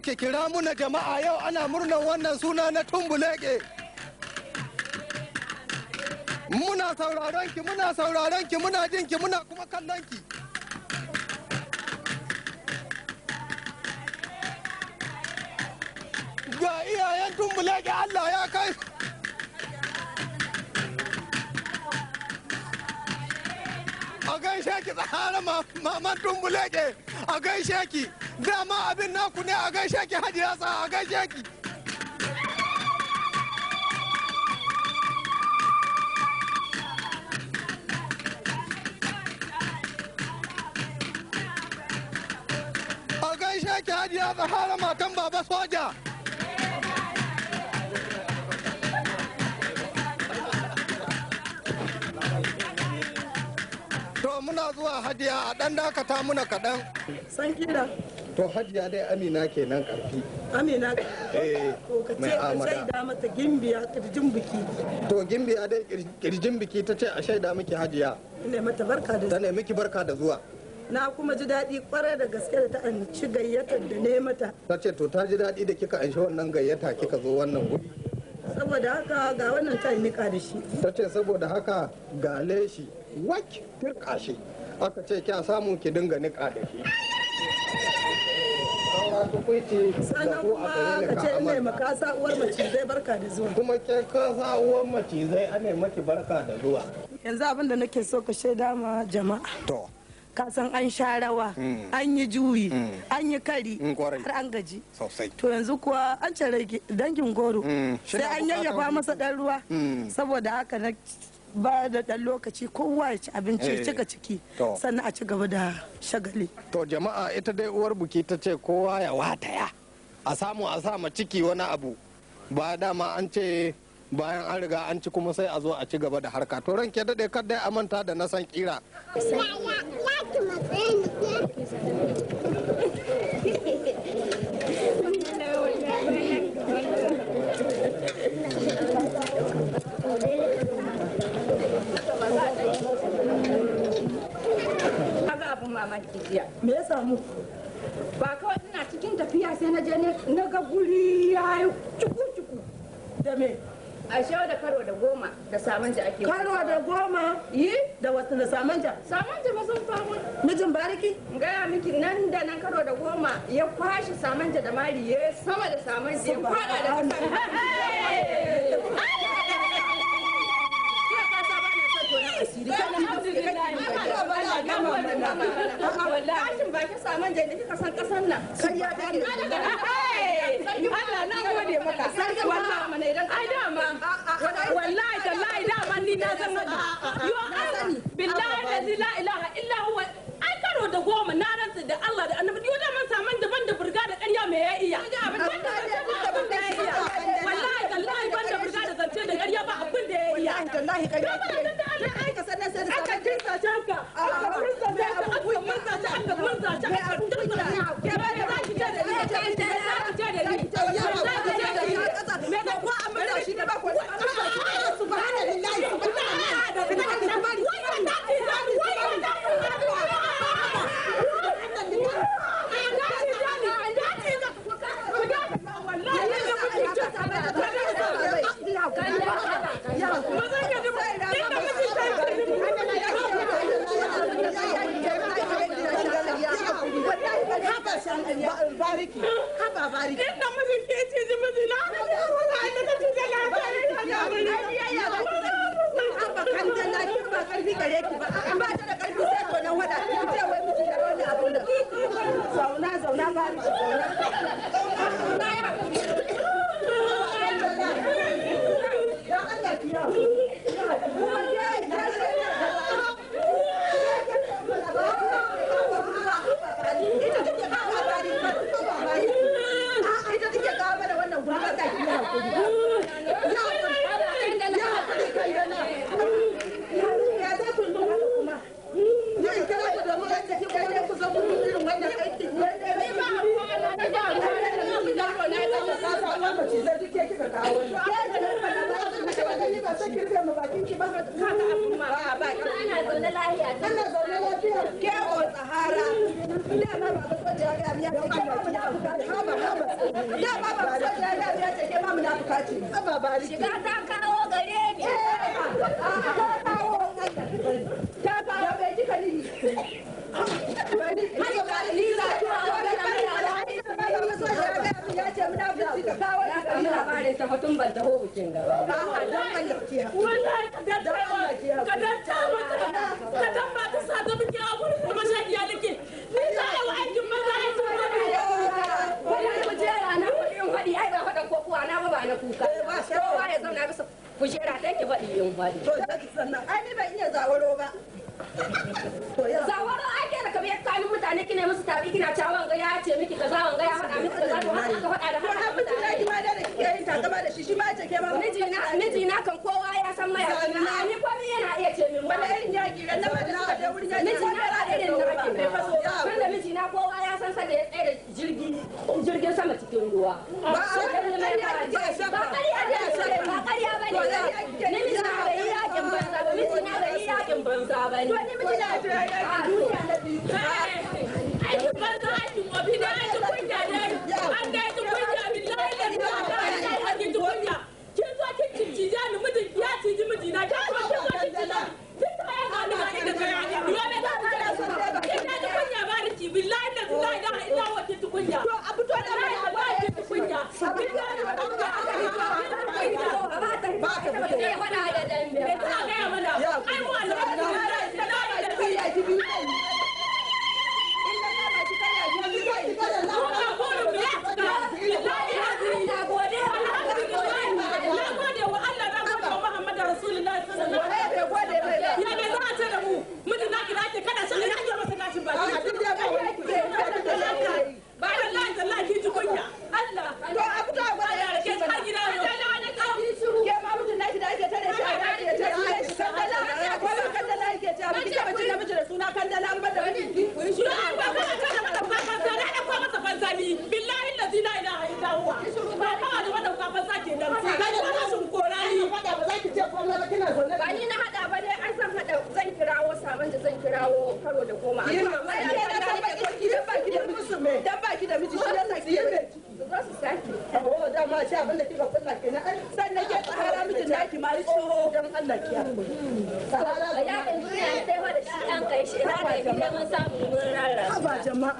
ke kira muna jama'a yau ana murnar wannan suna na tumbuleke muna sauraron ki muna sauraron ki muna jin ki muna kuma kallon ki ga iyayen tumbuleke Allah ya kai a gaishe ki tsara maman tumbuleke a gaishe ki dama abin naku ne a gaishe ki hajiya sa a gaishe ki a gaishe ki hajiya zahara matan baba soja to muna zuwa hajiya a ɗan dakata muna kaɗan. San to hajiya dai amina kenan karfi amina karfi to eh, ka ce ka shaida mata gimbiya kirjin biki to gimbiya dai kirjin biki ta ce a shaida miki hajiya ne mata barka da ta ne miki barka da zuwa na kuma ji daɗi kwarai da gaske da ta anci gayyatar da ne mata ta ce to ta ji daɗi da kika anshi wannan gayyata kika zo wannan wuri saboda haka ga wannan ta nika da shi ta ce saboda haka ga leshi wak tirka shi aka ce kya samu ki dinga nika da shi tukuici sannan kuma ka ce ina maka sa uwar macizai barka da zuwa kuma ke ka sa uwar macizai ana maki barka da zuwa yanzu abin da nake so ka shaida ma jama'a to ka san an sha rawa mm. an yi juyi mm. an yi kari mm, har an gaji to yanzu kuwa an cire dangin goro sai an yayyafa masa dan ruwa saboda haka na ba da ɗan lokaci kowa ya ci abinci ya eh, cika ciki sannan a ci gaba da shagali. To jama'a ita dai uwar buki ta ce kowa ya wataya a samu a sama ciki wani abu ba dama an ce bayan an riga an ci kuma sai a zo a ci gaba da harka to ke daɗe kar dai manta da na san kira. kaga abin mamaki jiya me ya samu ba kawai ina cikin tafiya sai na je na ga guri ya yi cuku cuku da me a shawo da karo da goma da samanja ake karo da goma yi da wasu da samanja samanja ba sun famu mijin bariki gaya miki nan da nan karo da goma ya kwashe samanja da mari ya sama da samanja ya kwada da samanja Kashin baki saman jai da kika san da da da da da da da mutum da ƙarya ba abin da ya ya Wallahi tallahi ƙarya ke. Kamar da Allah ai ka sanar sai da aka kirsa ta haka. Ah, aka murza ta haka. Aka murza ta haka. Murza ta haka. Ke ba da za ki je da kujera ɗan ki faɗi in faɗi. To ki sannan ai ni ban iya zawaro ba. Zawaro ai kai da kamar yadda kalin mutane kine musu tabi kina cewa wanga ya ce miki kaza wanga ya faɗa miki kaza to haka ka faɗa da haka. Har mutum ya ji ma da kike yin takama da shi shi ma ce ke ma. Miji na miji na kan kowa ya san mai Na ni ko ni yana iya ce min wani irin yaki ran ba da suka je wurin yaki. Miji na da irin da bai faso ba. Tunda miji na kowa ya san sa da ya tsaya da jirgin sama cikin ruwa. Ba a ba za ni miji na bai yakin banza ba miji na bai yakin banza ba ne karo da goma a kuma mai da dan baki da miji shi yasa ki mai za su saki oh da ma ce abin da kika kulla kenan ai sannan ke tsara miji naki ma yi tsoho dan Allah ki ya sarara ya kan duniya sai wa da shi an kai shi na da gidan samu mun rarra ba jama'a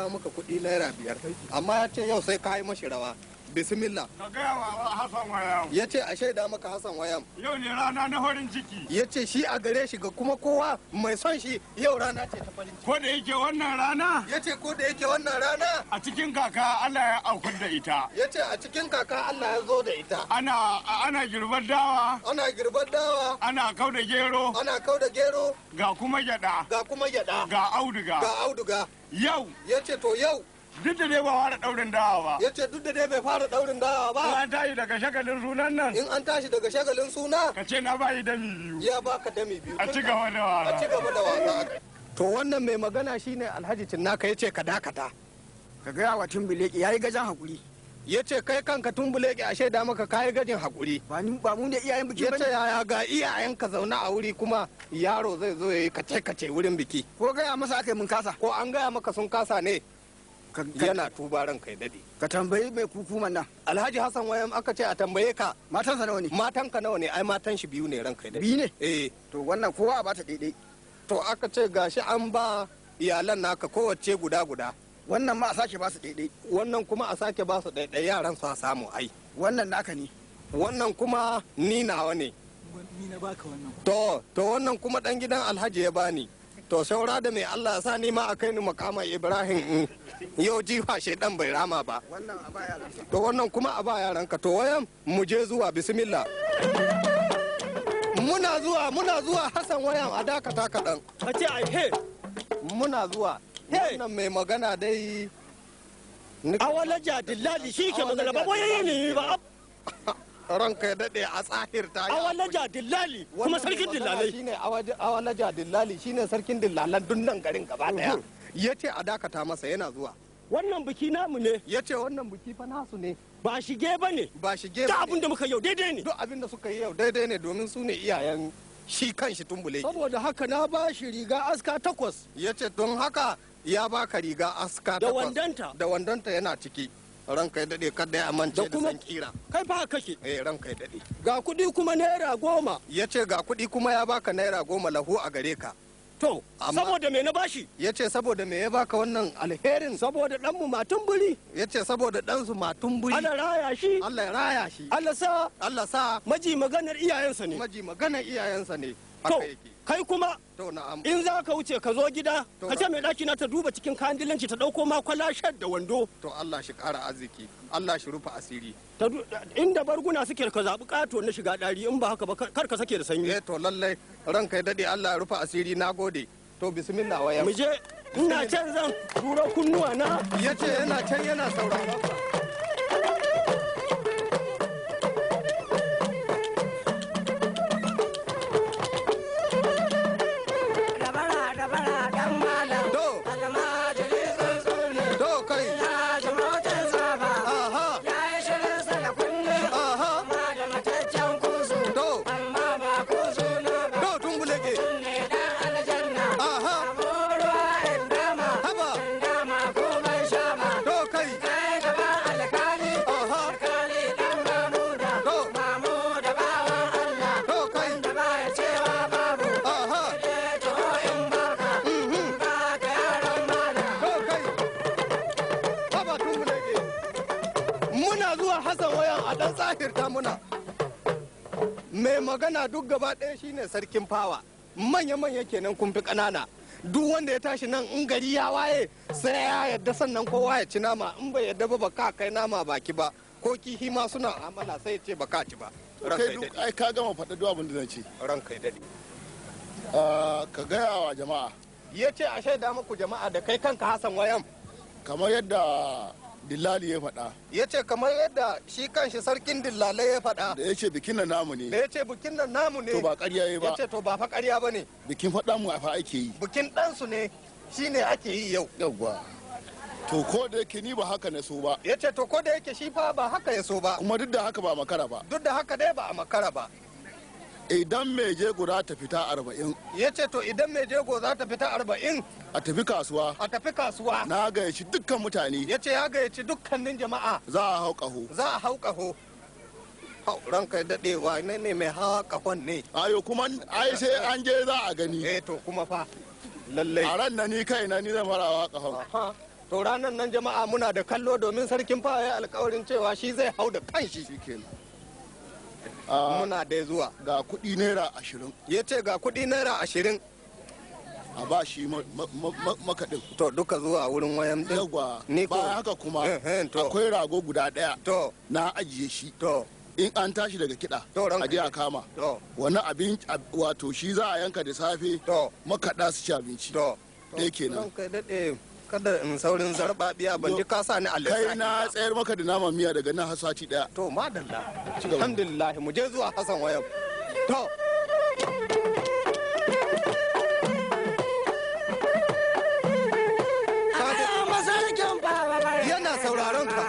kawo maka kuɗi naira biyar amma ya ce yau sai ka yi mashi rawa bismillah ka gaya wa hassan wayam ya ce a shaida maka hassan wayam yau ne rana na horin ciki ya ce shi a gare shi ga kuma kowa mai son shi yau rana ce ko da yake wannan rana ya ce ko da yake wannan rana a cikin kaka allah ya aukar da ita ya ce a cikin kaka allah ya zo da ita ana ana girbar dawa ana girbar dawa ana kau da gero ana kau da gero ga kuma gyada ga kuma gyada ga auduga ga auduga yau ya ce to yau duk da dai ba fara daurin dawa ba. Ya ce duk da dai bai fara daurin dawa ba. In an tashi daga shagalin sunan nan. In an tashi daga shagalin suna. Ka ce na bayi dami biyu. Ya baka dami biyu. A ci gaba da wasa. A ci gaba da wasa. to wannan mai magana shine alhaji cinnaka ya ce ka dakata ka gaya wa tumbuleki ya yi gajan hakuri ya ce kai kanka tumbuleki a shaida maka ka yi gajin hakuri ba mu ne iyayen biki ya ce yaya ga iyayen ka zauna a wuri kuma yaro zai zo ya yi kace kace wurin biki ko gaya masa aka yi mun kasa ko an gaya maka sun kasa ne yana tuba ran kai dade ka tambayi mai kukuman nan alhaji hassan wayan aka ce a tambaye ka matansa nawa ne matanka nawa ne ai matan shi biyu ne ran kai dade biyu ne eh to wannan kowa a bata daidai to aka ce gashi an ba iyalan naka kowace guda guda wannan ma a sake ba su daidai wannan kuma a sake ba su daidai yaran su a samu ai wannan naka ne wannan kuma ni nawa ne ni na baka wannan to to wannan kuma dan gidan alhaji ya bani to saura da mai Allah sa ni ma a kai ni makama Ibrahim yau jifa shedan bai rama ba wannan a ba yaran to wannan kuma a ba yaran ka to wayan mu je zuwa bismillah muna zuwa muna zuwa hassan wayan a dakata kaɗan a ce ai he muna zuwa wannan mai magana dai a wala jadillali shi ke magana ba wayoyi ne ba ranka ya daɗe a tsahir ta yi awala jadillali kuma sarkin dillalai shine awala jadillali shine sarkin dillalan dunnan garin gaba daya mhm. yace a dakata masa yana zuwa wannan biki namu ne ya ce wannan biki fa nasu ne ba shige ba ne ba shige ba abin da muka yau daidai ne duk abin da suka yi yau daidai ne domin su ne iyayen shi kan shi tumbule saboda haka na ba shi riga aska takwas ya ce don haka ya baka riga aska takwas da wandanta da wandanta yana ciki ranka ya dade kada ya mance da san kira kai fa kake eh ranka ya dade ga kudi kuma naira goma ya ce ga kudi kuma ya baka naira goma lahu a gare ka To, saboda me na bashi? Ya ce saboda me ya baka wannan alherin? Saboda ɗanmu matun buri. Ya ce saboda ɗansu matun buri. Allah raya shi. Allah raya shi. Allah sa. Allah sa. Maji maganar iyayensa ne. Maji maganar iyayensa ne. to kai kuma in za ka wuce ka zo gida ka ce mai ɗaki na ta duba cikin kandilanci ta ɗauko ma kwalashar da wando to Allah shi ƙara arziki Allah shi rufa asiri inda barguna suke ka zaɓi ƙato na shiga ɗari in ba haka ba kar ka sake da sanyi eh to lallai ranka ya daɗe Allah rufa asiri na gode to bismillah waya mu je ina can zan tura kunnuwa na yace yana can yana sauraron magana duk gaba ɗaya shine sarkin fawa manya-manya kenan kun fi ƙanana duk wanda ya tashi nan in gari ya waye sai ya yadda sannan kowa ya ci nama in bai yadda ba ka kai nama baki ba ko kihi ma suna amala sai ce ba ka ci ba kai duk ai ka gama faɗa duk abin da zan ci ran kai dade ah, ka gaya wa jama'a ya ce a shaida muku jama'a da kai kanka hasan wayan kamar yadda dillali ya faɗa ya ce kamar yadda shi kanshi sarkin dillalai ya faɗa da ya ce bikin nan namu ne da ya ce bikin nan namu ne to ba ƙarya ya ba ya ce to ba fa ƙarya ba ne bikin faɗa mu a fa ake yi bikin ɗansu ne shi ne ake yi yau yawwa to ko da yake ni ba haka na so ba ya ce to ko da yake shi fa ba haka ya so ba kuma duk da haka ba makara ba duk da haka dai ba a makara ba idan mai jego za ta fita arba'in ya ce to idan mai jego za ta fita arba'in a tafi kasuwa a tafi kasuwa na gayyaci dukkan mutane ya ce ya gayyaci dukkanin jama'a za a hau kaho. za a hau kaho. ranka ya daɗe ne ne mai hawa kahon ne ayo kuma ai sai an je za a gani eh to kuma fa lallai a ran na ni kai na ni zan marawa kahon to ranar nan jama'a muna da kallo domin sarkin fa ya alƙawarin cewa shi zai hau da kanshi shikenan muna da zuwa ga kuɗi naira ashirin ya ce ga kuɗi naira ashirin a ba shi makaɗin to duka zuwa wurin wayan ɗin yagwa ba haka kuma akwai rago guda ɗaya na ajiye shi in an tashi daga kiɗa a je a kama wani abin wato shi za a yanka da safe makaɗa su ci abinci da nan kada in saurin zarba biya, ban ji kasa ni Allah kai na tsayar maka da nama miya daga nan hasati daya to madalla alhamdulillah mu je zuwa hasan wayab to yana sauraron ka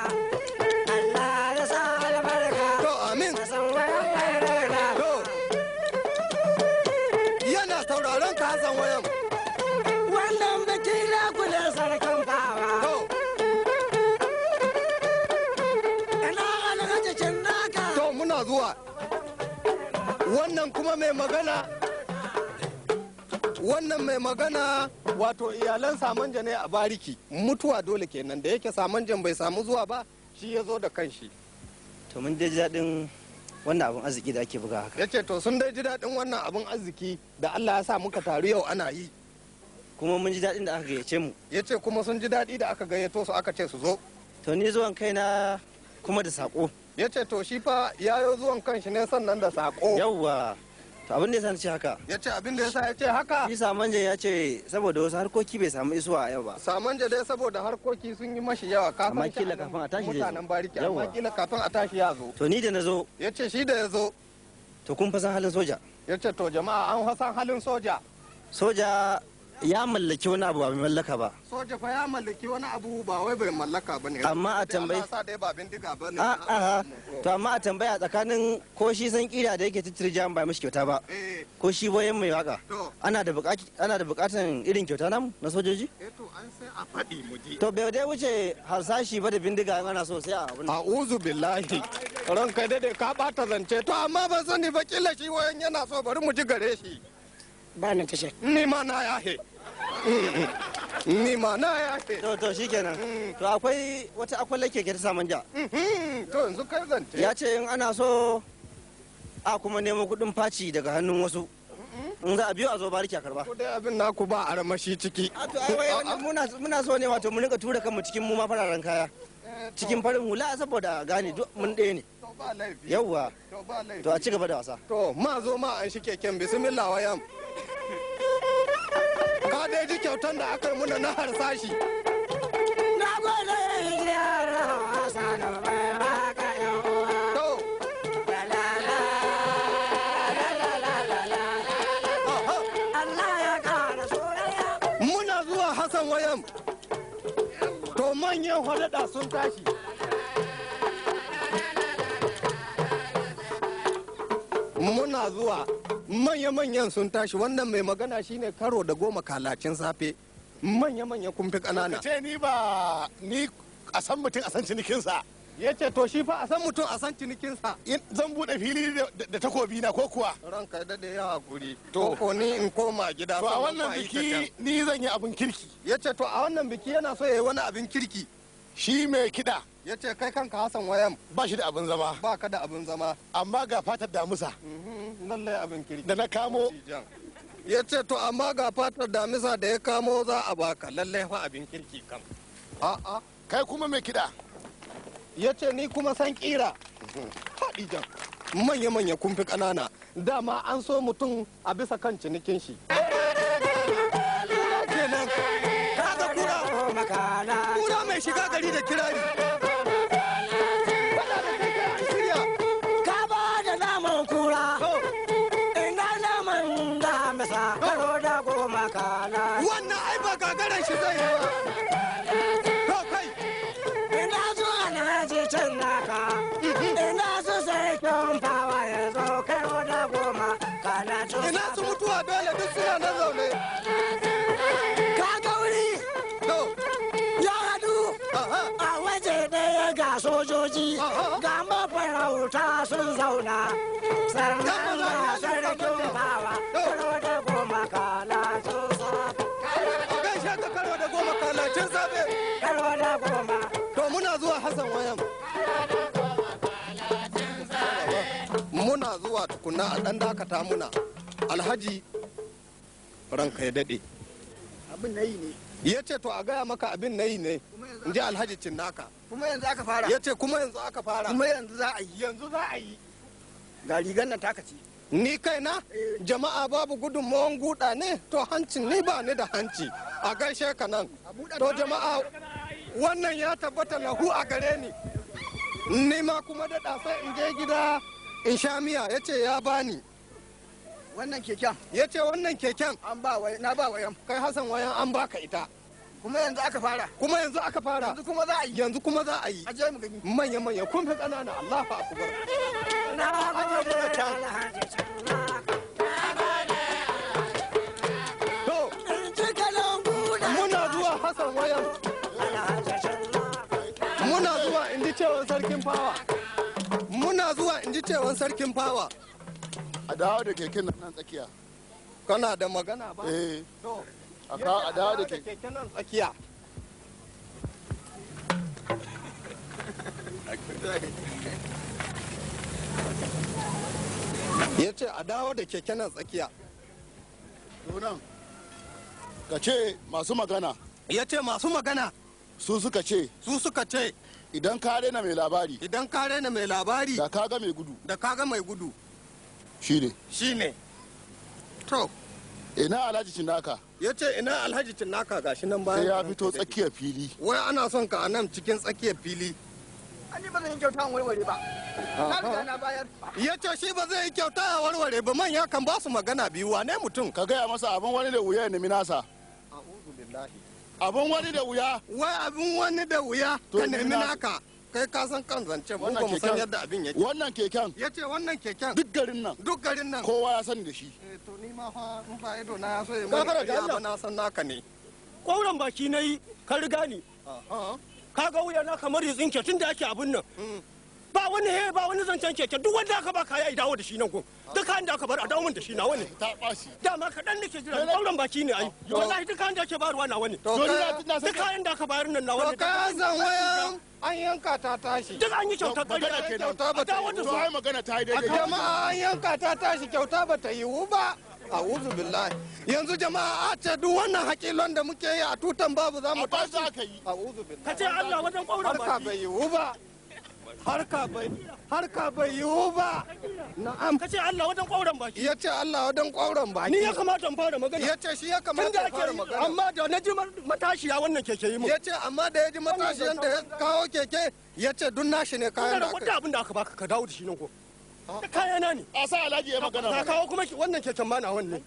Wannan kuma mai magana wannan mai magana wato iyalan samanja ne a bariki mutuwa dole kenan da yake samanjan bai samu zuwa ba shi ya zo da kanshi to mun dai daɗin wannan abin arziki da ake buga haka yace to sun dai ji daɗin wannan abin arziki da Allah ya sa muka taru yau ana yi kuma mun ji daɗin da aka gayyace mu yace kuma sun ji daɗi da aka gayyato su aka ce su zo to ni zuwan kaina kuma da sako ya ce to shi fa ya yi zuwan kan shi ne sannan da sako yawwa to abin da ya sanci haka ya ce abin da ya sa ya ce haka shi samanje ya ce saboda wasu harkoki bai samu isuwa a yau ba samanje dai saboda harkoki sun yi mashi yawa kafin amma kila kafin a tashi mutanen bariki amma kila kafin a tashi ya zo to ni da na zo ya ce shi da ya zo to kun fasan halin soja ya ce to jama'a an fasan halin soja soja ya mallaki wani abu ba bai mallaka ba soja fa ya mallaki wani abu ba wai bai mallaka ne. amma a tambayi ba bindiga ba ne. a to amma a tambaya tsakanin ko shi san kira da yake titiri jam ba mishi kyauta ba eh. ko shi boyen mai waka ana da ana da bukatan irin kyauta namu na sojoji eh to an sai a fadi mu ji to bai dai wuce harsashi ba da bindiga in ana so sai a abin uzu billahi kai dai ka bata zance to amma ban sani ba kila shi wayan yana so bari mu ji gare shi ba na tashi ni ma na yahe ni ma na ya ce to to kenan, mm. to akwai wata akwai ke ta saman ja mm-hmm. to yanzu kai zance ya ce in ana so a kuma nemo kudin faci daga hannun wasu mm-hmm. in za a biyo a zo bariki a karba ko dai abin naku ba a ramashi ciki a to ai muna muna so ne wato mu rinka tura kanmu cikin mu ma fararen kaya eh, cikin farin hula saboda gane duk mun ɗaya ne yawwa to a ci gaba da wasa to ma zo ma an shi keken bismillah wayam ka dai ji kyautan da aka yi muna na harsashi na gode yara sanar bayan uwa Hassan to manyan sun tashi muna zuwa manya-manyan sun tashi wannan mai magana shine karo da goma kalacin safe manya-manya kun fi ƙanana ce ni ba ni a san mutum a san cinikinsa ya ce to shi fa a san mutum a san cinikinsa zan bude fili da takobi na ko kuwa ranka da da yawa guri to ko ni in koma gida to a wannan biki ni zan yi abin kirki ya ce to a wannan biki yana so ya yi wani abin kirki shi mai kiɗa ya ce kai kanka hassan wayan ba shi da abin zama ba ka da abin zama amma ga fatar damisa. Mhm, lallai abin kirki da na kamo ya ce to amma ga fatar damisa da ya kamo za a baka lallai fa abin kirki kam a'a kai kuma mai kiɗa ya ce ni kuma san kira haɗi mhm. jan manya-manya kumfi ƙanana dama an so mutum a bisa kan cinikin shi kura mai shiga gari da kirari cuta sun zauna sannan na sarkin bawa karo da goma kalacin safe gaishe ka karo da goma kalacin zaɓe. karo da goma to muna zuwa hassan wayan muna zuwa tukuna a ɗan dakata muna alhaji ranka ya daɗe abin na yi ne ya ce to a gaya maka abin na yi ne in ji alhaji cinnaka kuma yanzu aka fara ya ce kuma yanzu aka fara kuma yanzu za a yi yanzu za a yi ga rigar nan taka ce ni kaina eh. jama'a babu gudunmawan guda ne to hancin ni ba ni da hanci a gaishe ka nan to jama'a wannan ya tabbata hu a gare ni ni ma kuma da sai in je gida in sha miya ya ce ya bani wannan keken ya ce wannan keken an ba na ba wayan kai hassan wayan an baka ita kuma yanzu aka fara kuma yanzu aka fara yanzu kuma za a yi yanzu kuma za a yi a mu gani manya manya kun fi kanana Allah fa akbar na gode muna zuwa hassan wayan muna zuwa in ji cewa sarkin fawa muna zuwa in ji cewa sarkin fawa a dawo da keken nan tsakiya kana da magana ba eh to a dawo da keken nan tsakiya ya ce a dawo da keken nan tsakiya nan ka ce masu magana ya ce masu magana su suka ce su suka ce idan ka rena mai labari idan ka rena mai labari da kaga mai gudu da kaga mai gudu shine shine to ina alhaji tinaka ya ce ina alhaji tinaka shi nan bayan sai ya fito tsakiyar fili wai ana son ka a nan cikin tsakiyar fili an ba zai yi kyauta warware ba na bayar ya ce shi ba zai yi kyauta a warware ba manya kan ba su magana biyu wane mutum ka gaya masa abin wani da wuya ya nemi nasa abin wani da wuya wai abin wani da wuya ka nemi naka kai ka san kan zance mun ba mu san yadda abin yake wannan keken yace wannan keken duk garin nan duk garin nan kowa ya sani da shi eh to ni ma fa mun ba ido na ya so ya mun na san naka ne kauran baki nayi ka riga ni ka ga wuya na kamar ya tsinke tun da ake abin nan mm. ba wani he ba wani zancen keke duk wanda aka ba ka ya dawo da shi nan gun duk kayan da aka bar a dawo da shi nawa ne ta bashi dama kaɗan nake jira auren baki ne ai wallahi duk kayan da ake bayarwa nawa ne duk kayan da aka bayar nan nawa ne to kayan zan an yanka ta tashi duk an yi kyauta ƙarya kyauta ba ta yi to ai magana ta yi daidai jama'a an yanka ta tashi kyauta ba ta yiwu ba a'udhu billahi yanzu jama'a a ce duk wannan haƙilon da muke yi a tutan babu za mu tashi a'udhu billahi ka ce Allah wajen ƙauran baki ba yiwu ba harka bai harka bai yiwu ba na'am kace Allah wadan kwauran baki yace Allah wadan kwauran baki ni ya kamata in fara magana yace shi ya kamata in fara magana amma da na ji matashiya wannan keke yi mu yace amma da ya ji matashiyan da ya kawo keke yace dun nashi ne kayan da aka abin da aka baka ka dawo da shi nan ko ah. na ne a sa alhaji ya magana ka kawo kuma wannan keken ma na wannan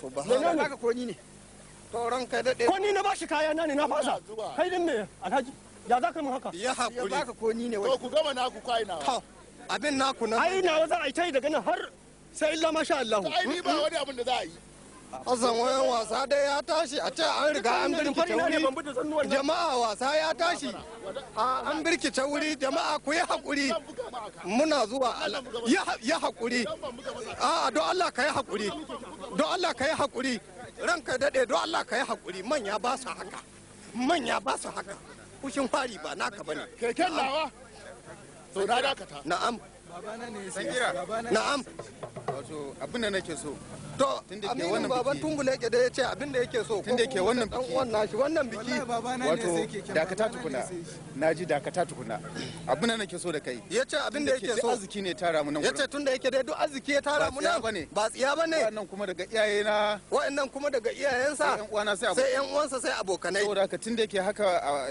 subhanallah ka ko ni ne to kai da ko ni na bashi kayana ne na fasa kai din ne alhaji ya za ka mu haka ya hakuri ya baka ko ni ne wai to ku gama naku kai na to abin naku na ai na za a yi daga nan har sai illa masha Allah ai ni ba hmm? wani abin da za a yi Hassan wayan wasa dai ya tashi a ce an riga an birkice wuri jama'a wasa ya tashi an birkice wuri jama'a ku yi haƙuri muna zuwa ya haƙuri a don Allah ka yi haƙuri don Allah ka yi haƙuri ranka daɗe don Allah ka yi haƙuri manya ba su haka manya ba su haka fushin fari ba naka ba ne. keken lawa? so na dakata na'am babana ne sai na'am wato abin da nake so to aminin baba tungule ke da ya ce abin da yake so tunda yake wannan biki wannan nashi wannan biki wato dakata tukuna naji dakata tukuna abin da nake so da kai ya ce abin da yake so arziki ne tara mu nan ya ce tunda yake dai duk arziki ya tara mu nan ba tsiya bane wannan kuma daga iyaye na wa'annan kuma daga iyayensa sai yan uwansa sai abokanai saboda ka tunda yake haka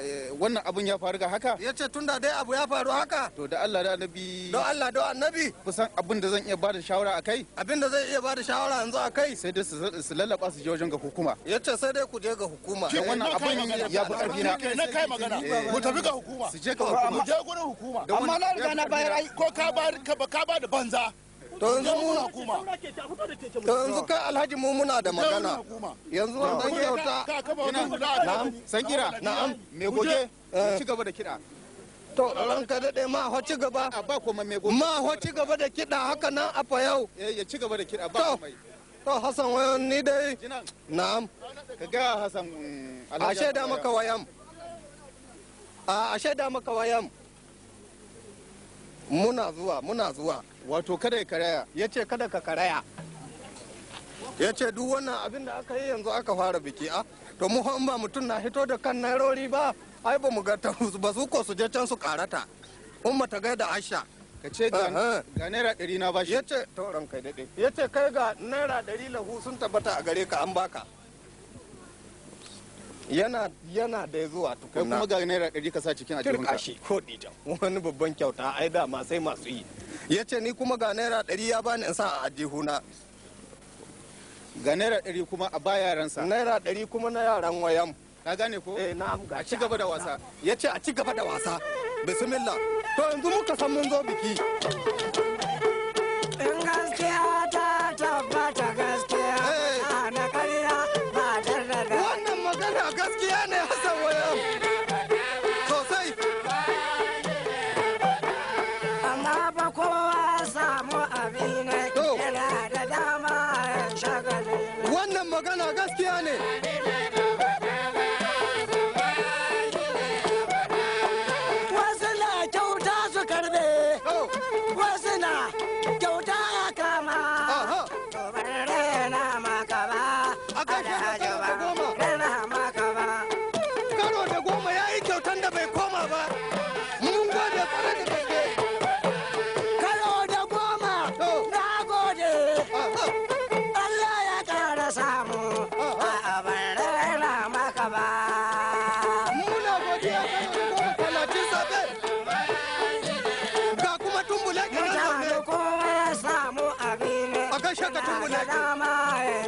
eh, wannan abun ya faru ga haka ya ce tunda dai abu ya faru haka to da Allah da annabi don Allah da annabi kusan abin da zan iya bada shawara akai abin da zan iya bada shawara yanzu a kai sai dai su lallaba su je wajen ga hukuma yace sai dai ku je ga hukuma dan eh, wannan abin ya bi karfi na na kai magana ku eh, tafi ga hukuma su je ga hukuma je gurin hukuma amma na riga na bayar ai ko ka bayar ka ba ka ba da banza to yanzu mu na kuma to yanzu kai alhaji mu muna da magana yanzu wannan yauta na'am san kira na'am me goge ci gaba da kiɗa to ranka daɗe ma ho ci gaba ma ho ci gaba da kiɗa haka nan a fa yau eh, ya ci gaba da kiɗa ba mai to hassan wayan ni dai na'am ka ga hassan mm, a shaida maka wayan a shaida maka wayan muna zuwa muna zuwa wato kada ya karaya ya ce kada ka karaya ya ce duk wannan abin da aka yi yanzu aka fara biki a to mu ba mutum na hito da kan nairori ba ai ba mu ga ba su ko su je can su karata umma ta gaida aisha ka ce ga naira ɗari na bashi yace tauran kai daɗe yace kai ga naira ɗari lahu sun tabbata a gare ka an baka yana yana da zuwa tukuna kuma ga naira ɗari ka sa cikin ajiyar ka shi ko dija wani babban kyauta ai da ma sai masu yi yace ni kuma ga naira ɗari ya bani in sa a ajihuna ga naira ɗari kuma a ba yaransa naira ɗari kuma na yaran wayan ka gane ko eh, a ci gaba da wasa yace a ci gaba da wasa bismillah to yanzu muka san mun zo biki in gaskiya ta tabbata gaskiya eh. na kariya ba tare da wannan magana gaskiya ne hasan waya. sosai amma ba kowa samu abin yana da dama shagali wannan magana gaskiya ne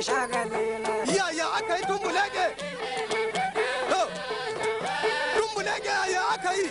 Ya yaya aka yi tumbulege? Tumbulege aka yi?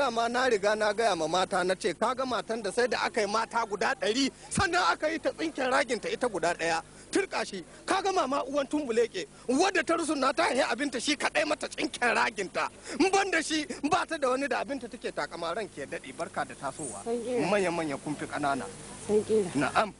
dama na riga na gaya ma mata na ce kaga matan da sai da aka yi mata guda ɗari sannan aka yi ta tsinken raginta ita guda ɗaya turka shi kaga mama uwan tumbuleke wadda ta rusuna ta yi abinta shi kaɗai mata tsinken raginta ban da shi ba ta da wani da abinta take takamaran ke daɗi barka da tasowa manya manya kumfi ƙanana na'am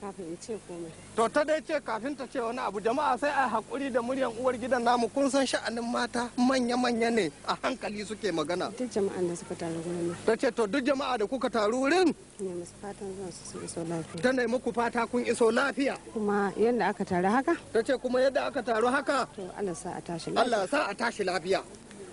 kafin ce komai to ta dai ce kafin ta ce wani abu jama'a sai a hakuri da muryan uwar gidan namu kun san sha'anin mata manya-manya ne a hankali suke magana duk jama'an da suka taru wurin ta ce to duk jama'a da kuka taru wurin ne musu fatan zuwa su iso lafiya ta nemi ku fata kun iso lafiya kuma yadda aka taru haka ta ce kuma yadda aka taru haka to Allah sa a tashi lafiya Allah sa a tashi lafiya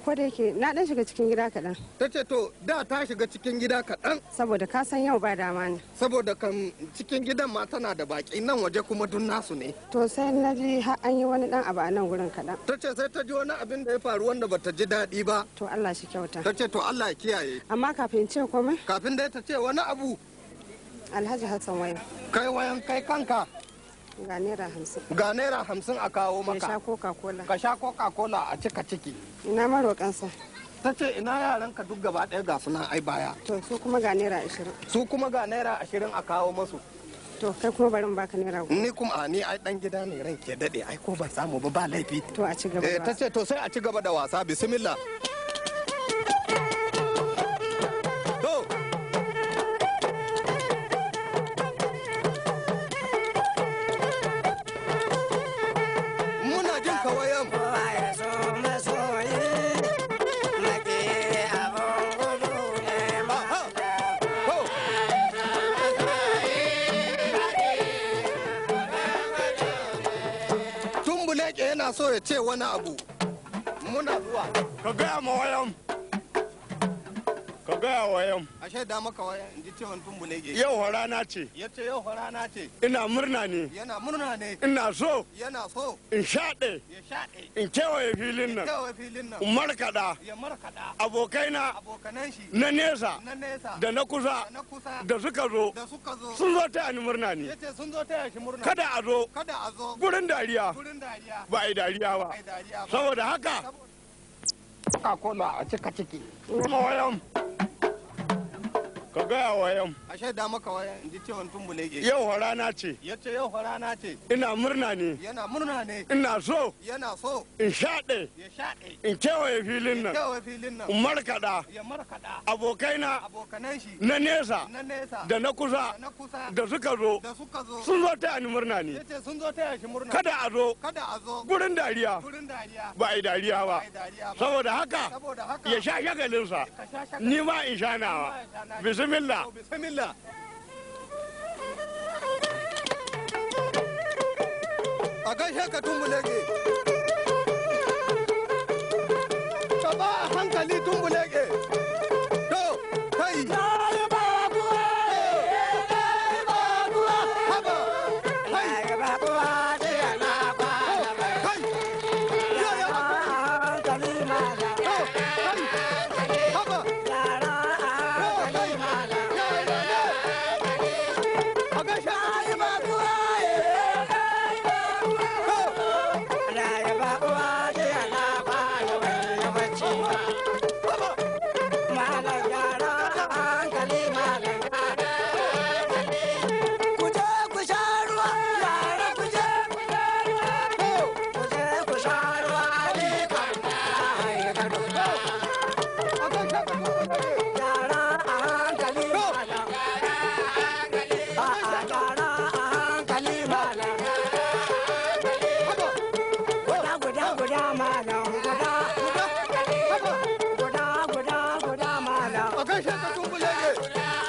ko da yake na dan shiga cikin gida kaɗan. ta ce to da ta shiga cikin gida kaɗan. saboda ka san yau ba dama ne. saboda kan cikin gidan ma tana da baki nan waje kuma dun nasu ne. to sai na ji har an yi wani dan abu a nan gurin kaɗan. ta ce sai ta ji wani abin da ya faru wanda bata ji daɗi ba. to Allah shi kyauta. ta ce to Allah ya kiyaye. amma kafin ce komai. kafin dai ta ce wani abu. Alhaji Hassan waya? Kai wayan kai kanka. ga naira hamsin a kawo maka ka sha coca cola a cika ciki ina maroƙansa ta ce ina yaran ka duk gaba ɗaya ga suna ai baya to su kuma ga naira ashirin su kuma ga naira ashirin a kawo masu to kai kuma barin baka naira goma ni kuma ni ai dan gida ne ran ke dade ai ko ban samu ba ba laifi to a ci gaba eh, ta ce to sai a ci gaba da wasa bismillah so ya ce wani abu muna zuwa ka gaya ma wayan gaya wa yau. A shaida maka wa in ji tumbu ne Yau rana ce. Ya ce yau rana ce. Ina murna ne. Yana murna ne. Ina so. Yana so. In shaɗe. Ya shaɗe. In kewaye filin nan. In markaɗa. Ya markaɗa. Abokaina. Abokanan shi. Na nesa. Da na kusa. Da na kusa. suka zo. Sun zo taya ni murna ne. Kada a zo. Kada a zo. Gurin dariya. Ba a yi dariya ba. a yi dariya Saboda haka. a cika ciki. Kuma wayan. ka gaya wa yau a shaida maka wayan in ji cewa tumbule ke yau rana ce ya ce yau rana ce ina murna ne yana murna ne ina so yana so in shaɗe ya shaɗe in kewaye filin nan kewaye filin nan in markaɗa ya markaɗa abokaina abokanan shi na nesa na nesa da na kusa na kusa da suka zo da suka zo sun zo ta ni murna ne yace sun zo ta shi murna kada a zo kada a zo gurin dariya gurin dariya ba ai dariya ba saboda haka saboda haka ya sha shagalinsa ni ma in sha nawa bisa بسم الله بسم الله اگر ہے کٹھو ملے گی کبا ہم تم ملے گی تو تھئی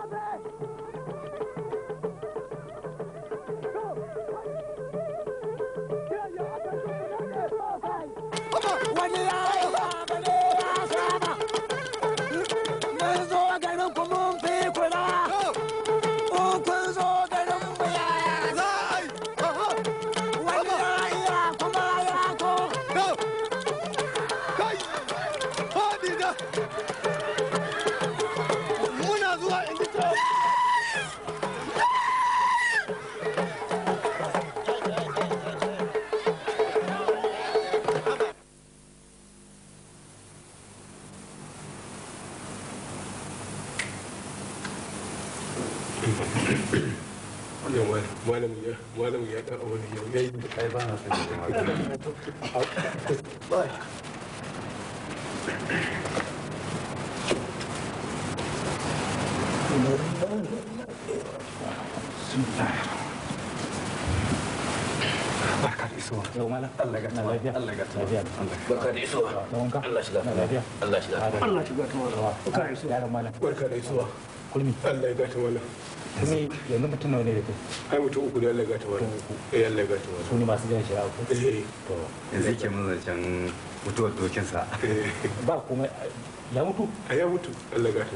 Stop it! barka da isuwa Allah shiga Allah shiga Allah shiga ta malam barka da isuwa barka da isuwa kulmi Allah ya gata malam kulmi yanzu mutum nawa ne kai ai mutum uku da Allah ya gata malam eh Allah ya gata wala. su ne masu jiran ko eh. to yanzu yake mun zancen mutuwar dokin sa eh. ba komai ya mutu ya mutu Allah ya gata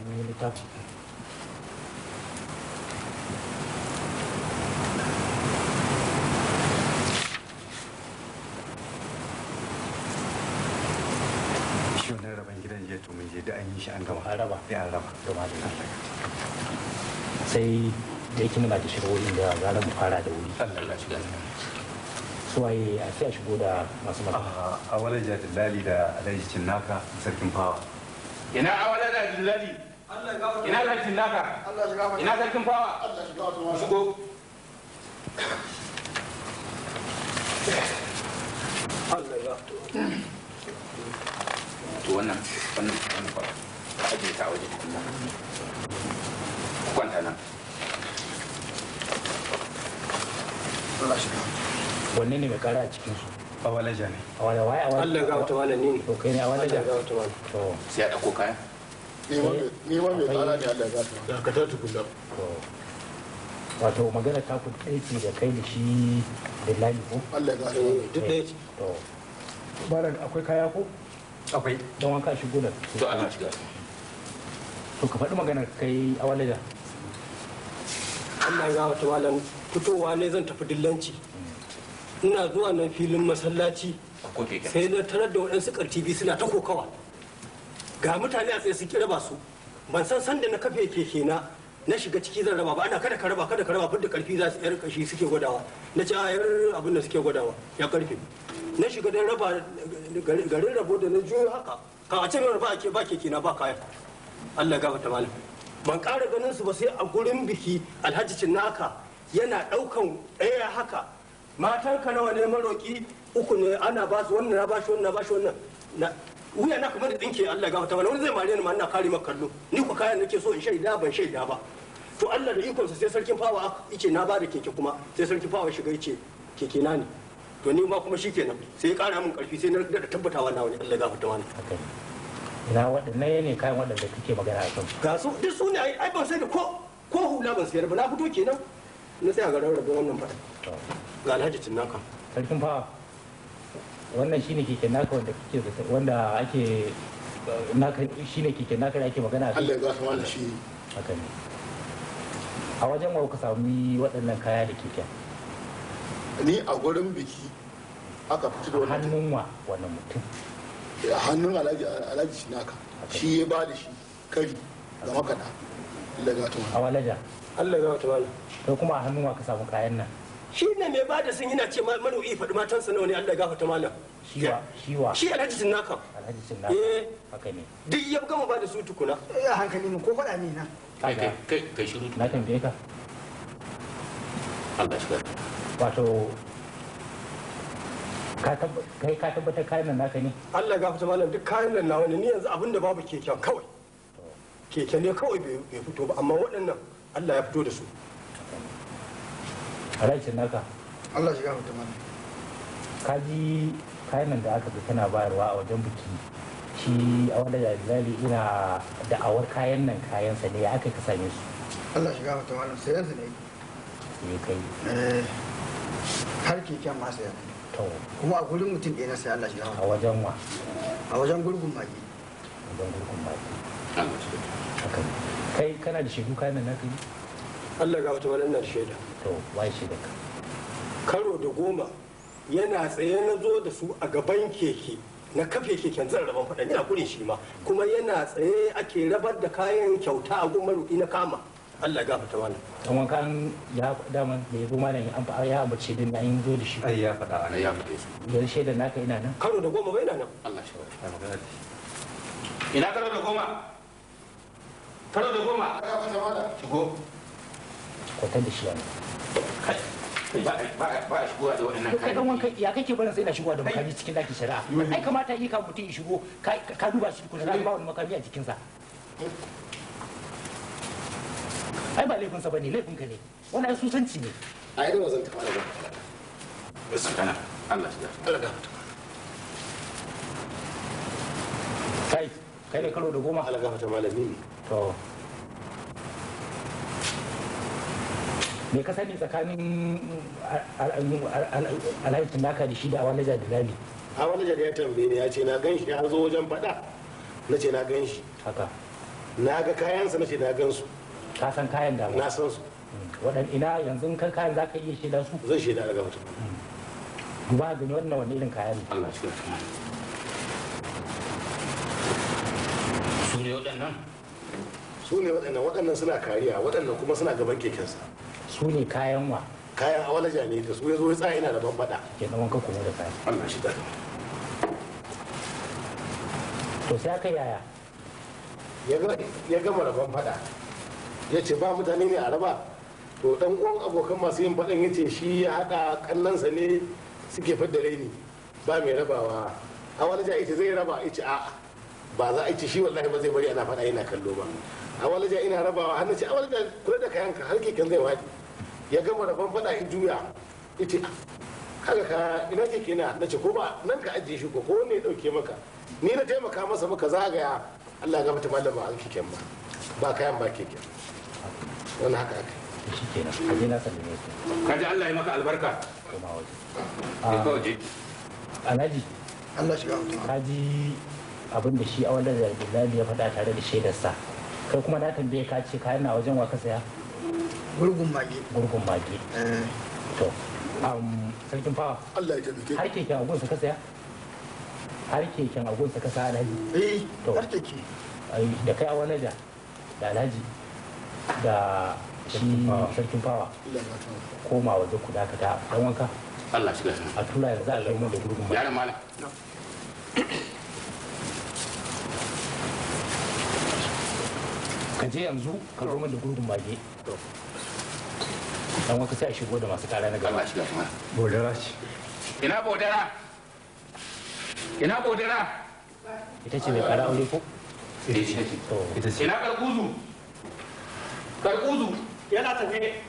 malam ya mutu yi shi an gama an raba sai an raba da malin sai da yake muna da shirwoyin da gara mu fara da wuri suwaye a sai a shigo da masu magana a wani jadilali da alhaji cinnaka sarkin fawa ina a wani jadilali ina alhaji cinnaka ina sarkin fawa shigo Allah ya to wannan wannan wannan kwata ka ajiye ta waje kuma kwanta nan wanne ne mai kara a cikin su a walaja ne a wala waya wala Allah ga wata wala ne to kai ne a walaja ga wata wala to sai a dako kaya ni ma ni ma mai kara ne Allah ga ta ka ta tukunda. wato magana ta ku aiki da kai da shi da lami ko Allah ga duk da yake to baran akwai kaya ko akwai don wanka shigo da to ana shiga to ka faɗi magana kai a walida Allah ya wata malam fitowa ne zan tafi dillanci ina zuwa nan filin masallaci sai na tarar da waɗansu kartibi suna ta kokawa ga mutane a tsaye sun ki raba su ban san sanda na kafe keke na na shiga ciki zan raba ba ana kada ka raba kada ka raba fudda karfi za su yar kashi suke gwadawa na ci a ah, yar abin da suke gwadawa ya karfe na shiga dan raba garin rabo da na juyo haka kan a cikin raba ake ba kina ba kaya Allah ta malam ban ƙara ganin su ba sai a gurin biki alhaji naka yana ɗaukan ɗaya haka matan ka nawa ne maroƙi uku ne ana ba su wannan na ba shi wannan na ba shi wannan wuya na kamar da ɗinke Allah ta malam wani zai mare ni ma ina kare maka kallo ni ku kayan nake so in shaida ban shaida ba to Allah da ikonsa sai sarkin fawa yake na ba da keke kuma sai sarkin fawa shiga yake keke na ne to ni ma kuma shikenan sai ya kara min karfi sai na da tabbata na wani Allah gafarta wani ina waɗannan ne kayan wadanda kake magana a kan ga su duk su ne ai ban sai da ko ko hula ban sai ba na fito kenan na a ga rarrabe wannan fada ga Alhaji naka. sarkin fa wannan shine kike naka wanda kike wanda ake naka shine kike naka da ake magana Allah ya gafarta wannan shi haka ne a wajen wa ka sami waɗannan kaya da keken ni a gurin biki aka fito da hannun wa wani mutum hannun alhaji shinaka shi ya ba da shi kari ga makada lagatu a walaja Allah ya wata wala to kuma a hannun wa ka samu kayan nan shi ne mai ba da sun yana ce maro'i faɗi matan nawa ne Allah ya ta malam shiwa shi alhaji sinaka alhaji sinaka eh haka ne duk ya gama ba da su tukuna eh hankali ko faɗa ne na kai kai kai shiru na tambaye ka Allah shi wato kai ka tabbatar kayan nan naka ne Allah ga fata malam duk kayan nan na wani ni yanzu abin da babu keken kawai keke ne kawai bai fito ba amma waɗannan Allah ya fito da su rancin naka Allah shiga fata malam ka ji kayan nan da aka fi tana bayarwa a wajen biki shi a wanda zali ina da'awar kayan nan kayansa ne ya aka ka same su Allah shiga fata malam sayansa ne ne kai eh. har keken ma saya kuma a gurin mutum ɗaya na sai Allah shi a wajen wa a wajen gurgun maki wajen gurgun maki kai kana da shaidu kayan na kai Allah ga wata wannan shaida to wai shaida ka karo da goma yana tsaye na zo da su a gaban keke na kafe keken zan rabon faɗa ina gurin shi ma kuma yana tsaye ake rabar da kayan kyauta a goma ruɗi na kama Allah ya gafarta mana dan wanka an ya dama da ya zo mana ya amfa ya ambace din na yin zo da shi ai ya faɗa ana ya faɗe shi dan shaida naka ina nan karo da goma bai ina nan Allah shi ya ina karo da goma karo da goma ya gafarta mana shigo kwatar da shi wannan kai ba a shigowa da waɗannan kayan. Kai wanka ya kake barin sai na shigowa da makami cikin ɗakin shari'a. Ai kamata yi ka mutum ya shigo ka duba shi kuna ba wani makami a jikinsa. ai ba laifinsa ba ne laifinka ne wani ai susanci ne a yi da zan taɓa da ba su kana allah shi da allah ga mutum kai kai ne karo da goma allah ga mutum malami ne to me ka sani tsakanin alhaifin naka da shi da awon lajar da lali awon da ya tambaye ne ya ce na gan shi ya zo wajen faɗa na ce na gan shi haka na ga kayansa na ce na gan su ka san kayan da na san su waɗanda ina yanzu kan kayan za ka iya shaida su zai shaida daga mutum duba gani wannan wani irin kayan Allah shi su ne waɗannan su ne waɗannan waɗannan suna kariya waɗannan kuma suna gaban kekensa su ne kayan wa kayan awalaja ne da su ya zo ya tsaya ina da bambada ke nan wanka kuma da kayan Allah shi da to sai aka yaya ya gama da bambada ya ce ba mutane ne a raba to dan uwan abokan masu yin faɗin ya ce shi ya haɗa ƙannansa ne suke fadda raini ba mai rabawa a wani ja ita zai raba ita a ba za a ce shi wallahi ba zai bari ana faɗa yana kallo ba a wani ja ina rabawa har ce a wani ja kula da kayanka har keken zai waɗi ya gama rabon faɗa in juya ita kaga ka ina ce kina na ce ko ba nan ka ajiye shi ko ko ne dauke maka ni na taimaka masa muka zagaya Allah ya gafata malama an keken ba ba kayan ba keken wannan haka aka shi kenan a je na sallame ku kaji Allah ya maka albarka koma waje ah, ka waje alhaji Allah shiga mutum kaji abin da shi awalar da Bilal ya faɗa tare da shaidar sa kai kuma na tambaye ka ce kayan na wajen wa ka saya gurgun mage gurgun mage eh. to sarkin fawa Allah ya tabbake har keken agun su ka saya har keken agun su ka saya alhaji eh har keke da kai awalar da alhaji da shi sarkin fawa koma waje ku dakata dan wanka Allah shi lafiya a tura yanzu a lauma da gurgun yaran malam ka je yanzu ka zo da gurgun mage dan wanka sai a shigo da masu kara na gaba Allah shi bodara shi ina bodara ina bodara ita ce mai kara aure ko ita ce ina karguzu barkuzu yana tafe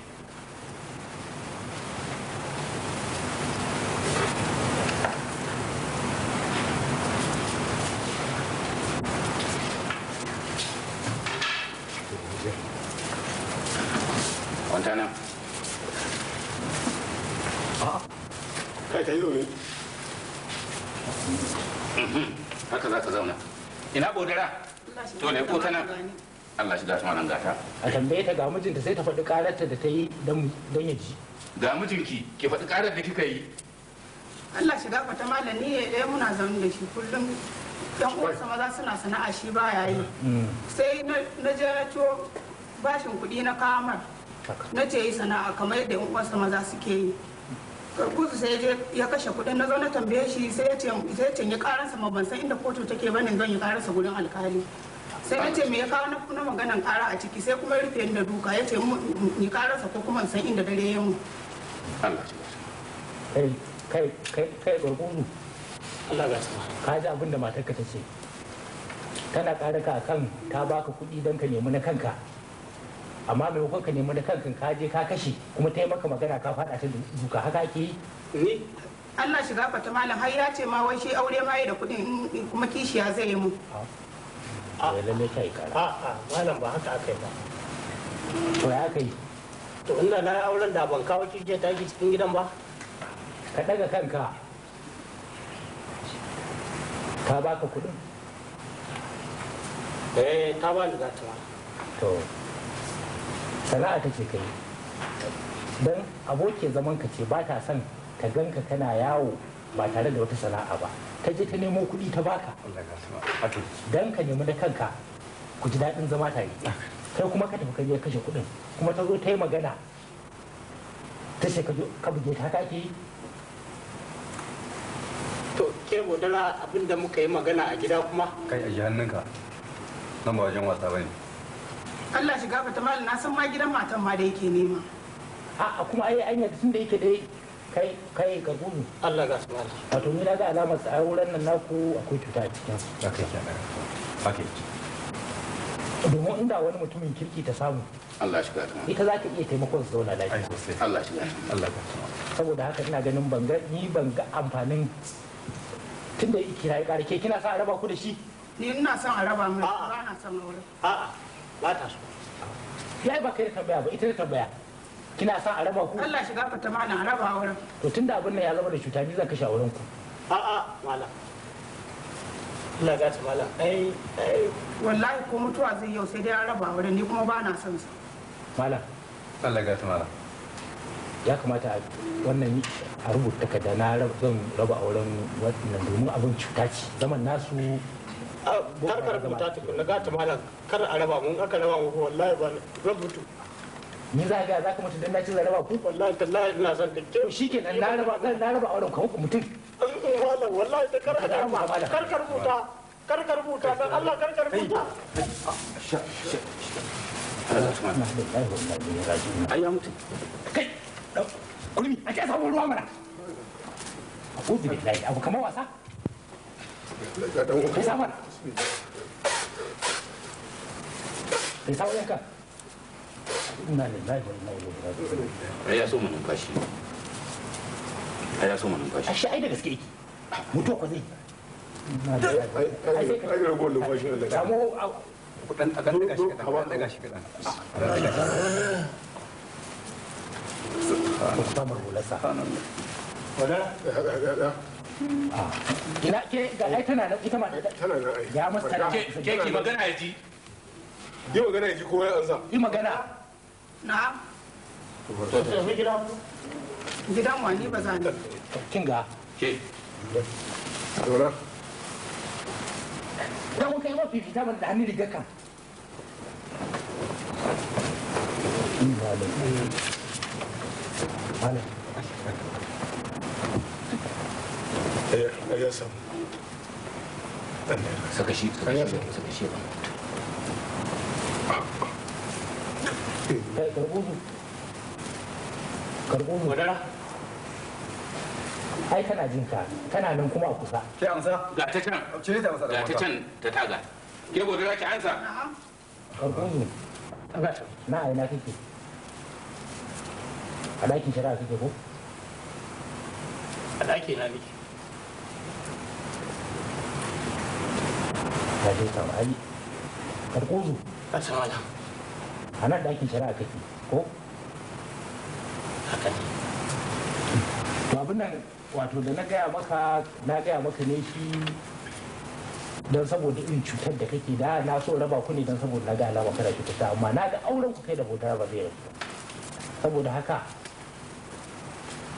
a tambaye ta ga mijinta sai ta faɗi ƙararta da ta yi don ya ji ga mijinki ki faɗi ƙarar da kika yi Allah shi dafa ta malami ne ɗaya muna zaune da shi kullum yan uwarsa maza suna sana'a shi ba ya yi mm. sai na je to bashin kuɗi na kamar na ce yi sana'a kamar yadda yan uwarsa maza suke yi karkuzu sai je ya kashe kuɗin na zo na tambaye shi sai ya ce ya ƙaransa ma ban san inda kotu take ne zan yi ƙararsa gurin alkali sai na ce me ya kawo na kuna maganan kara a ciki sai kuma rufe da duka ya ce ni karasa ko kuma san inda dare ya mu kai kai kai kai gurgunu Allah ga sama ka ji abin da matarka ta ce tana kara ka akan ta baka kuɗi don ka nemi na kanka amma maimakon ka nemi na kanka ka je ka kashe kuma ta maka magana ka faɗa ta duka haka ke yi Allah shiga fata malam har ya ce ma wai shi aure ma da kuɗin kuma kishiya zai yi mu lalle ta yi kara a'a malam ba haka aka yi ba to ya kai. to inda na auren da ban kawo kike ta cikin gidan ba ka daga kanka ta baka kudin eh ta ba ni gata to sana'a take kai dan abokin zaman ka ce ba ta son ka ganka kana yawo ba tare da wata sana'a ba ta je ta nemo kuɗi ta baka don ka nemi da kanka ku ji daɗin zama tare kai kuma ka tafi ka je kashe kuɗin kuma ta zo ta yi magana ta ce ka buge ta haka ake yi to ke godara abinda muka yi magana a gida kuma kai a hannunka nan ba wajen wasa ne. Allah shiga fata mal na san ma gidan matan ma da yake nema a'a kuma ai anya tun da yake dai kai kai ka gudu Allah ga su wato ni na ga alamar sa wurin nan naku akwai cuta a cikin okay okay domin inda wani mutumin kirki ta samu Allah shi gata ita za ta iya taimakon su zauna lafiya Allah shi gata Allah gata saboda haka ina ganin ban ga ni ban ga amfanin tunda kira ya kare ke kina sa a raba ku da shi ni ina son a raba mai ba na son aure a'a ba ta so yayi ba kai tambaya ba ita ta tambaya kina son a raba ku Allah shiga ka ta mana a raba wurin to tunda abin nan ya zama da cuta ni zan kashe wurin ku a'a mala Allah ga ta mala ai wallahi ko mutuwa zai yau sai dai an raba wurin ni kuma ba na son sa malam Allah ga ta mala ya kamata a wannan a rubuta da na zan raba a wurin wannan domin abin cuta ce zaman nasu kar ka rubuta ta na gata malam kar a raba mun aka raba mu wallahi ba rubutu ni za ga za ka mutu dan na ci zaraba ku wallahi tallahi ina son dinke shikenan na raba zan na raba auren ka hukun mutum wallahi wallahi da kar da ma kar kar buta kar kar buta dan Allah kar kar buta ai ya mutu kai kulmi a ce sabon ruwa mana a kuzi bai lai abu kamar wasa kai sabon kai sabon yankan ina ya so mu numfashi ya so mu numfashi ashe ai da gaske yake mutuwa ko zai kudan ah, a kan daga shi kadan kadan daga shi kadan mutamar hulasa wala ah. ina ke ga ai tana nan ita ma tana nan ai ya masa ke ke magana yaji yi magana yaji ko ya ansa yi magana na'am to tafi gidan gidan wani ba za ni kin ga ke dora dan kai mafi fita ban da hannu riga kan eh, saka shi saka shi saka shi ba karbo mu madara ai kana jin ka kana nan kuma a kusa ke amsa ga ta can cire ta masa ga ta can ta taga ke gobe ki ansa karbo mu taga ta na ai na kike a ɗakin shara kike ko a ɗaki na miki ka je kam ai karbo mu a can a nan ɗakin shari'a kake ko haka ne to abin nan wato da na gaya maka na gaya maka ne shi don saboda irin cutar da kake da na so raba ku ne don saboda na ga alama kana cutar amma na ga auren ku kai da bota ba zai rasu saboda haka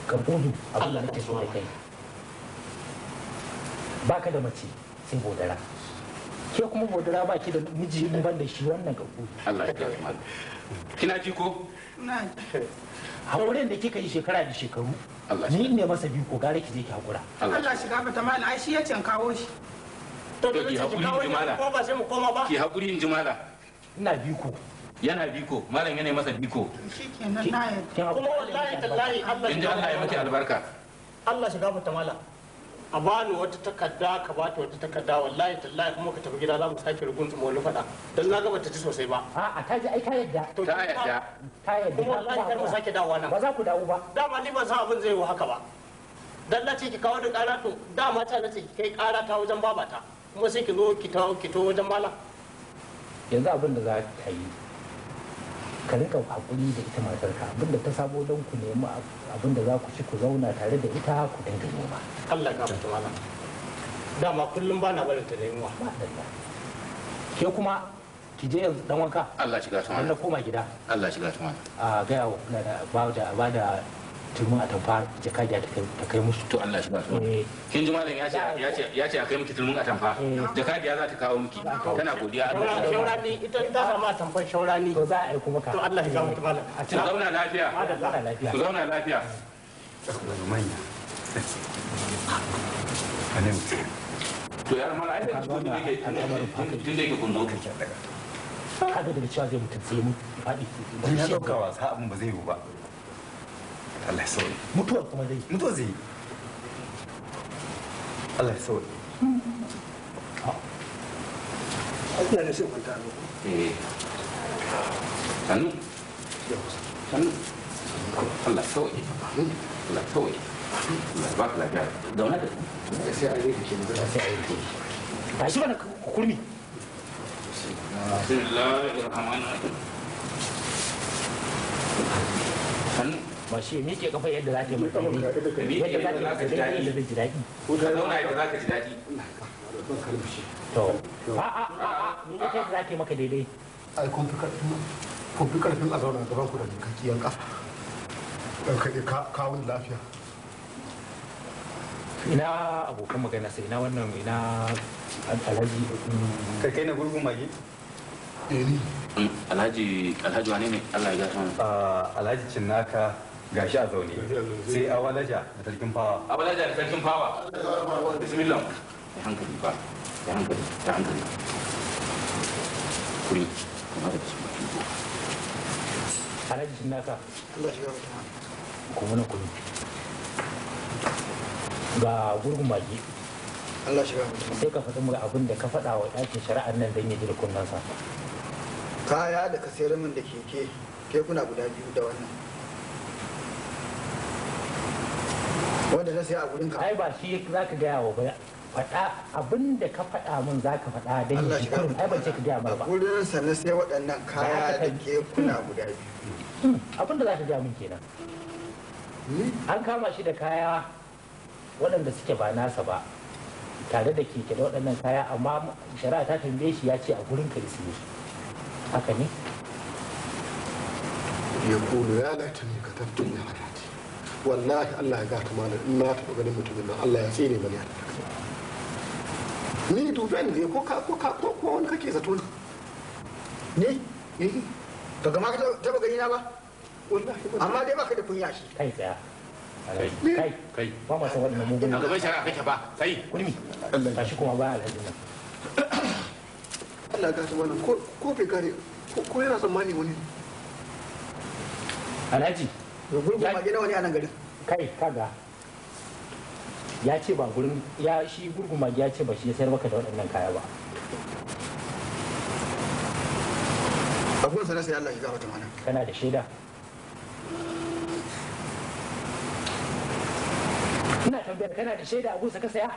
ka gudu abin da nake so da kai baka da mace sai bodara ke kuma godara ba ki da miji in ban da shi wannan gabu Allah ya kare kina ji ko na hakurin da kika yi shekara da shekaru ni ne masa bi ko gara ki je ki hakura Allah shiga mata mala ai shi ya can kawo shi to ki hakuri in jimala ko ba sai mu koma ba ki hakuri in jimala ina bi ko yana biko malam yana masa biko shikenan na kuma wallahi tallahi Allah ya maki albarka Allah shiga mata mala a bani wata takarda ka bata wata takarda wallahi tallahi kuma ka tafi gida za mu sake rugun tsuma wani faɗa don na ga ta ci sosai ba a ta ji ai ta yadda ta yadda ta yadda kuma wallahi kar mu sake dawowa nan ba za ku dawo ba dama ni ban san abin zai yi haka ba dan na ce ki kawo da ƙara to dama ta na ce ki kai ƙara ta wajen babata kuma sai ki zo ki tawo ki to wajen malam yanzu abin da za ka yi ka rika hakuri da ita matar ka abin da ta samo don ku nemi abin da za ku ci ku zauna tare da ita ku dinga noma Allah ka mutu mana dama kullum ba na barin ta nemuwa ke kuma ki je yanzu dan wanka Allah shiga tumana Allah koma gida Allah shiga tumana a ga yawo ba da ba da tumu a atamfa ita kaji ta kai musu to Allah shi ba su eh. kin ji malam ya ce ya ce a kai miki turmin atamfa eh. jakadiya za ta kawo miki tana godiya a lokacin shaurani ita ta samu a atamfan shaurani to za a yi kuma ka to Allah ya kawo miki malam ku zauna lafiya ku zauna lafiya manya anan to yar mala ai da kun ne ke tun da yake kun zo ka ga da cewa zai mutum sai mu faɗi dan ya dauka ba zai yi ba Allah ya sauri mutuwa kuma zai zai Allah ya sauri kwanta a eh. sannu sannu Allah ya sauri Allah ya sauri Allah ya lafiya da sai a yi da da sai a yi da ba shi kurmi الله ba shi ne ke kafa yadda za ta yi mutum ne yadda za ta yi yadda zai ji daɗi ko ka zauna yadda za ji daɗi to a a a a ni ita yadda za ta yi maka daidai ai kun fi karfin kun fi karfin a zauna gaban ku da kakkiyan kafa dan ka kawun lafiya ina abokan magana sai ina wannan ina alhaji kai kai na gurgun mage alhaji alhaji wane ne allah ya gasa alhaji cinnaka ga shi a zaune sai a awalaja da sarkin fawa awalaja da sarkin fawa bismillah da hankali ba da hankali da hankali kuri kuma da cikin ko bismillah alhaji sun nasa kuma na kuri ga gurgun magi Allah shiga sai ka faɗi mura abin da ka faɗa wa ɗakin shari'ar nan don yi jirgin da kunnansa kaya da ka sayar min da keke kekuna guda biyu da wannan wanda na siya a gurin ka ai ba shi za ka gaya wa ba faɗa abin da ka faɗa min za ka faɗa da yi shi kurum ai ban ce ka gaya ma ba gudun sa na sai waɗannan kaya da ke kuna guda biyu hmm. abin da za ka gaya min kenan an kama shi da kaya waɗanda suke ba nasa ba tare da keke da waɗannan kaya amma shari'a ta tambaye shi ya ce a gurin ka siye haka ne ya kuru ya la ka tattun ya hada wallahi Allah ya ga ta mana in na taɓa ganin mutumin nan Allah ya tsine mana ni duben ne ko ka ko ka ko wani kake zato ne ni ni ba ga ma ka taɓa gani na ba wallahi amma dai baka da kunya shi kai tsaya kai kai ba ma san wannan mugun a gaban shari'a kake ba kai kulmi Allah ya shi kuma ba alhaji nan Allah ya ga ta mana ko ko bai gane ko yana son mani wani alhaji gurgun mage nawa wani a nan garin kai kaga ya ce ba gurin ya shi gurgun mage ya ce ba shi ya sayar maka da waɗannan kaya ba akwai sanar sai Allah ya gafarta mana kana da shaida ina tambayar kana da shaida abun sa ka saya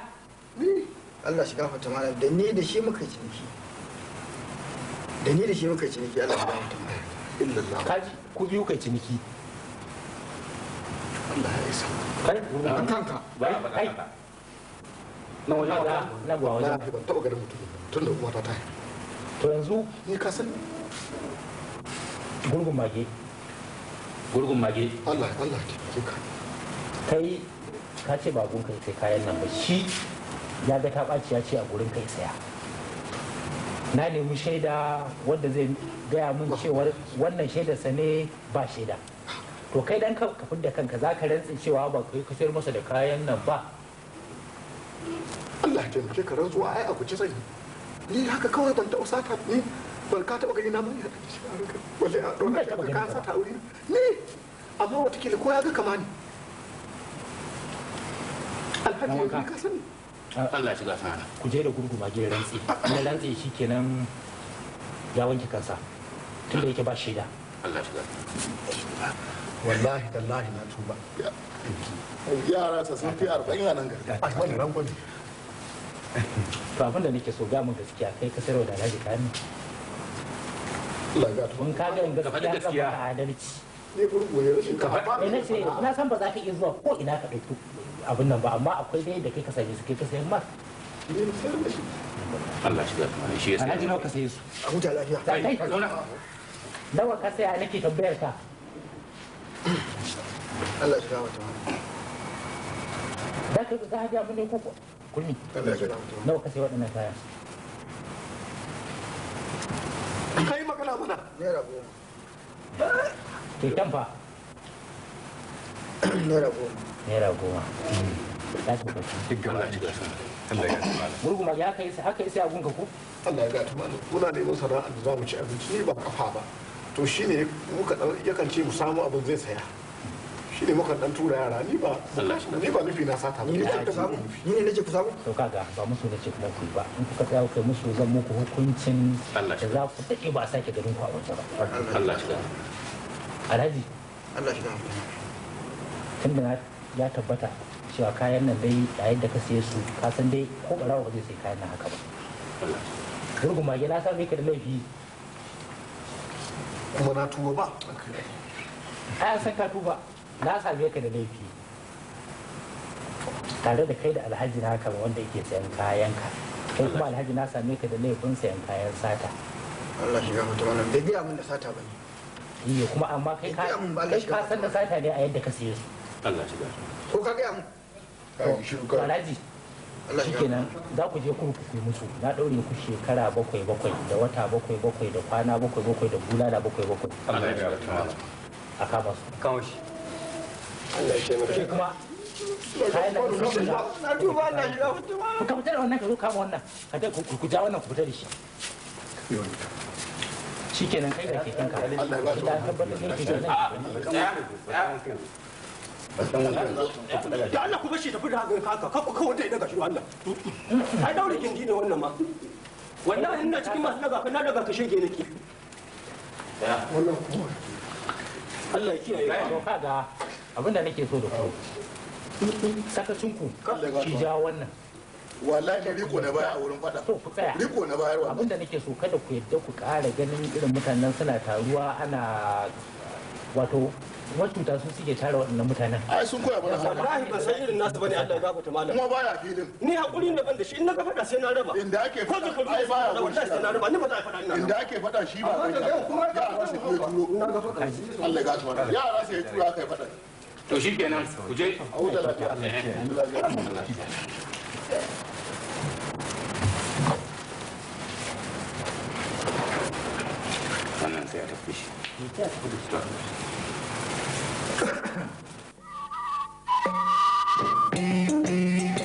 Allah shi gafarta mana da ni da shi muka ciniki da ni da shi muka ciniki Allah shi gafarta mana kaji ku biyu kai ciniki to ka gurgun mage gurgun mage Allah Allah ke kai ka ce ba gun kai kayan nan ba shi ya ga ta ɓaci ya ce a gurin kai saya na nemi shaida wanda zai gaya mun cewar wannan shaidarsa ne ba shaida to kai dan ka da kanka za ka rantsi cewa ba kai kashe sayar masa da kayan nan ba Allah ya muke ka rantsuwa ai a kuci sani ni haka kawai ban taɓa sata ni ban ka taɓa gani na mai yadda shi a ranka wale a ɗora ta ka sata wuri ni amma watakila ko ya ga kama ni alhaji ya ka sani Allah ya shiga sana ku je da gurguma gidan rantsi na rantsi shi kenan ya wanke kansa tunda yake ba shaida Allah shiga wallahi tallahi na tuba yara ta sun fi arba'in a nan gari a wani rangon to nake so ga mun gaskiya kai ka sarwa da alhaji kani mun kaga ga gaskiya a adalci ne ne rashin kafa eh, ne ce na san ba za ka iya zuwa ko ina ka ɗauki abin nan ba amma akwai dai da kai ka same su kai ka sayan mas Allah shi da shi ya sai. Alhaji nawa ka saye su. A huta lafiya. Nawa ka saya nake tambayar ka. Allah ya abin da ya kulmi Allah nawa ka sai waɗannan kaya magana mana naira goma fa naira goma naira goma ka koko duk gaba ji Allah ya gawa murgu ma ya kai haka isa abun ka ko Allah ya gawa mana neman sana'a da za mu ci abinci ne ba kafa ba to shi ne muka yakan ce mu samu abin zai saya shi ne muka dan tura yara ni ba ni ba nufi na sata ba ni ne nake ku samu to kaga ba musu da ce ku ku ba in kuka tsaya kai musu zan muku hukuncin da za ku take ba sake garin ku a wata ba Allah shi Alhaji Allah shi tunda ya tabbata cewa kayan nan dai a yadda ka siye su ka san dai ko barawa ba zai sai kayan nan haka ba. Gurguma gida sa mai ka da laifi kuma na tuba ba a san ka tuba na same ka da laifi tare da kai da alhaji na naka wanda yake sayan kayan ka kai kuma alhaji na same ka da laifin sayan kayan sata Allah shiga mutum wannan bai biya mun da sata ba ne iya kuma amma kai ka san da sata ne a yadda ka siye su Allah shiga ko ka ga mu alhaji shikenan za ku je kurkuku musu na ɗaure ku shekara bakwai bakwai da wata bakwai bakwai da kwana bakwai bakwai da bulala bakwai bakwai a kama su kama shi Allah ya kuma kayan da kuma shiga fita da wannan ka zo kama wannan ka ta ku ja wannan ku fita da shi shikenan kai da ke kanka Allah ya ba shi da Allah ku bashi tafi da haka ka ku kawai daga shi Allah ai daure gindi ne wannan ma wallahi ina cikin masu daga ka na daga ka shege nake wannan kuma Allah kiyaye ka ga abinda nake so da ku sakacin ku ki ja wannan wallahi riko na baya a wurin fada ku tsaya riko na bayar wannan abinda nake so kada ku yadda ku ƙara ganin irin mutanen suna taruwa ana wato matuta su suke tara waɗannan mutanen ai sun koya mana wallahi ban san irin nasu bane Allah ya gafarta malam kuma baya filin ni hakuri ne ban da shi in na gafarta sai na raba inda ake fada ai baya wallahi sai na raba ni ba za a fada ina inda ake shi ba kuma ga ke turo na gafarta Allah ya gafarta yara sai ya tura kai to shi kenan ku je a huta lafiya eh, Allah ya wannan sai a tafi shi. Thank you.